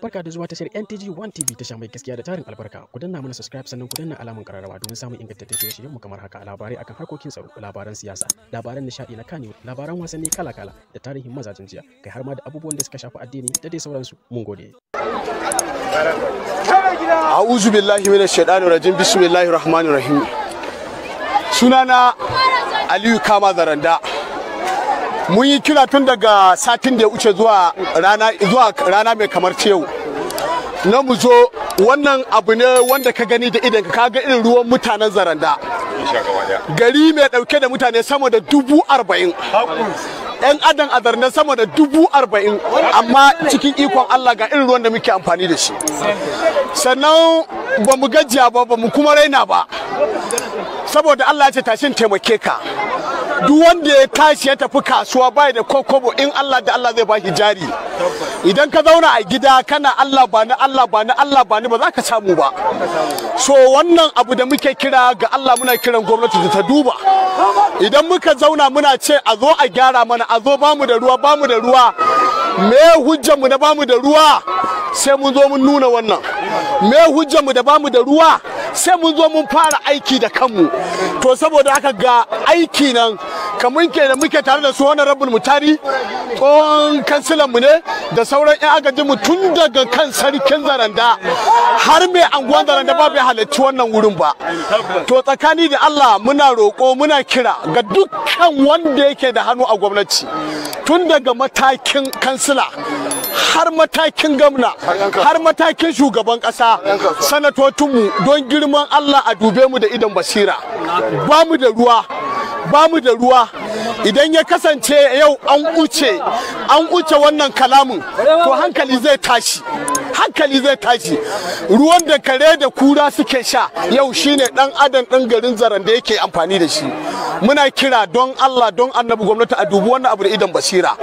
Barka da zuwa tashar NTG One TV sha mai gaskiya da tarin albarka. Ku danna mana subscribe sannan ku danna alamun kararrawa domin samun ingantaccen shirye-shiryen mu kamar haka labarai akan harkokin tsaro, labaran siyasa, labaran nishadi na kanewa labaran wasanni kala-kala da tarihin mazajen jiya, kai har ma da abubuwan da suka shafi addini da dai sauransu. Mun gode. A'udhu billahi minash shaitanir rajim. Bismillahir rahmanir rahim. Sunana Aliyu Kama Zaranda. mun yi kira tun daga satin da ya wuce zuwa rana zuwa rana mai kamar ta yau na mu zo wannan abu ne wanda ka gani da idan ka ga irin ruwan mutanen zaranda gari mai dauke da mutane sama da dubu arba'in yan adam a zarnar sama da dubu arba'in amma cikin ikon allah ga irin ruwan da muke amfani da shi sannan ba mu gajiya ba ba mu kuma raina ba saboda allah ya ce tashin taimake ka duk wanda ya tashi ya tafi kasuwa bai da kokobo in Allah da Allah zai ba shi jari idan ka zauna a gida kana Allah ba ni Allah ba Allah ba ba za ka samu ba so wannan abu da muke kira ga Allah muna kiran gwamnati ta duba idan muka zauna muna ce a zo a gyara mana a zo bamu da ruwa bamu da ruwa me mu na bamu da ruwa sai mun zo mun nuna wannan me mu da bamu da ruwa sai mun zo mun fara aiki da kanmu to saboda haka ga aiki nan kamun ke da muke tare da su wani rabin mutari tsohon kansilan mu ne da sauran yan agajin mu tun daga kan sarkin zaranda har mai anguwan zaranda ba bai halarci wannan wurin ba to tsakani da Allah muna roƙo muna kira ga dukkan wanda yake da hannu a gwamnati tun daga matakin kansila har matakin gamna har matakin shugaban ƙasa sanatocinmu don girman Allah a dube mu da idan basira ba mu da ruwa ba mu da ruwa idan ya kasance yau an uce an uce wannan kalamin to hankali zai tashi hankali zai tashi ruwan da kare da kura suke sha yau shine dan adam dan garin zaran da yake amfani da shi muna kira don Allah don annabi gwamnati a dubi wannan abu da idan basira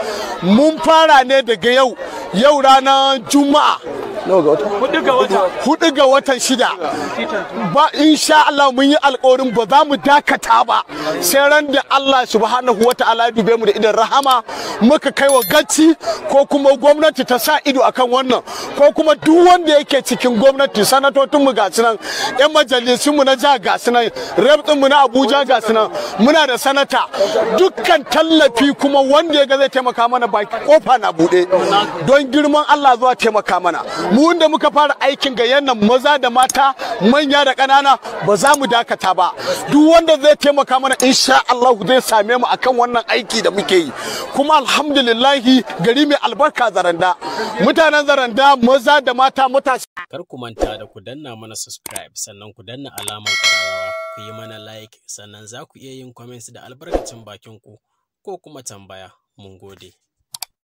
mun fara ne daga yau yau ranar juma'a hudu ga watan shida ba insha Allah mun yi alkawarin ba za mu dakata ba sai ran da Allah subhanahu wa wata'ala dube mu da idan rahama muka kai wa gaci ko kuma gwamnati ta sa ido akan wannan ko kuma duk wanda yake cikin gwamnati sanatotin mu gasu nan yan majalisun mu na jiha gasu nan rep mu na Abuja gasu nan muna da sanata dukkan tallafi kuma wanda ya ga zai taimaka mana baki kofa na bude don girman Allah zuwa taimaka mana mu da muka fara aikin gayyan nan maza da mata manya da ƙanana ba za mu dakata ba duk wanda zai taimaka mana insha Allah zai same mu akan wannan aiki da muke yi kuma alhamdulillahi gari mai albarka zaranda mutanen zaranda maza da mata matashi kar ku manta da ku danna mana subscribe sannan ku danna alamar ƙararrawa ku yi mana like sannan za ku iya yin comments da albarkacin bakin ku ko kuma tambaya mun gode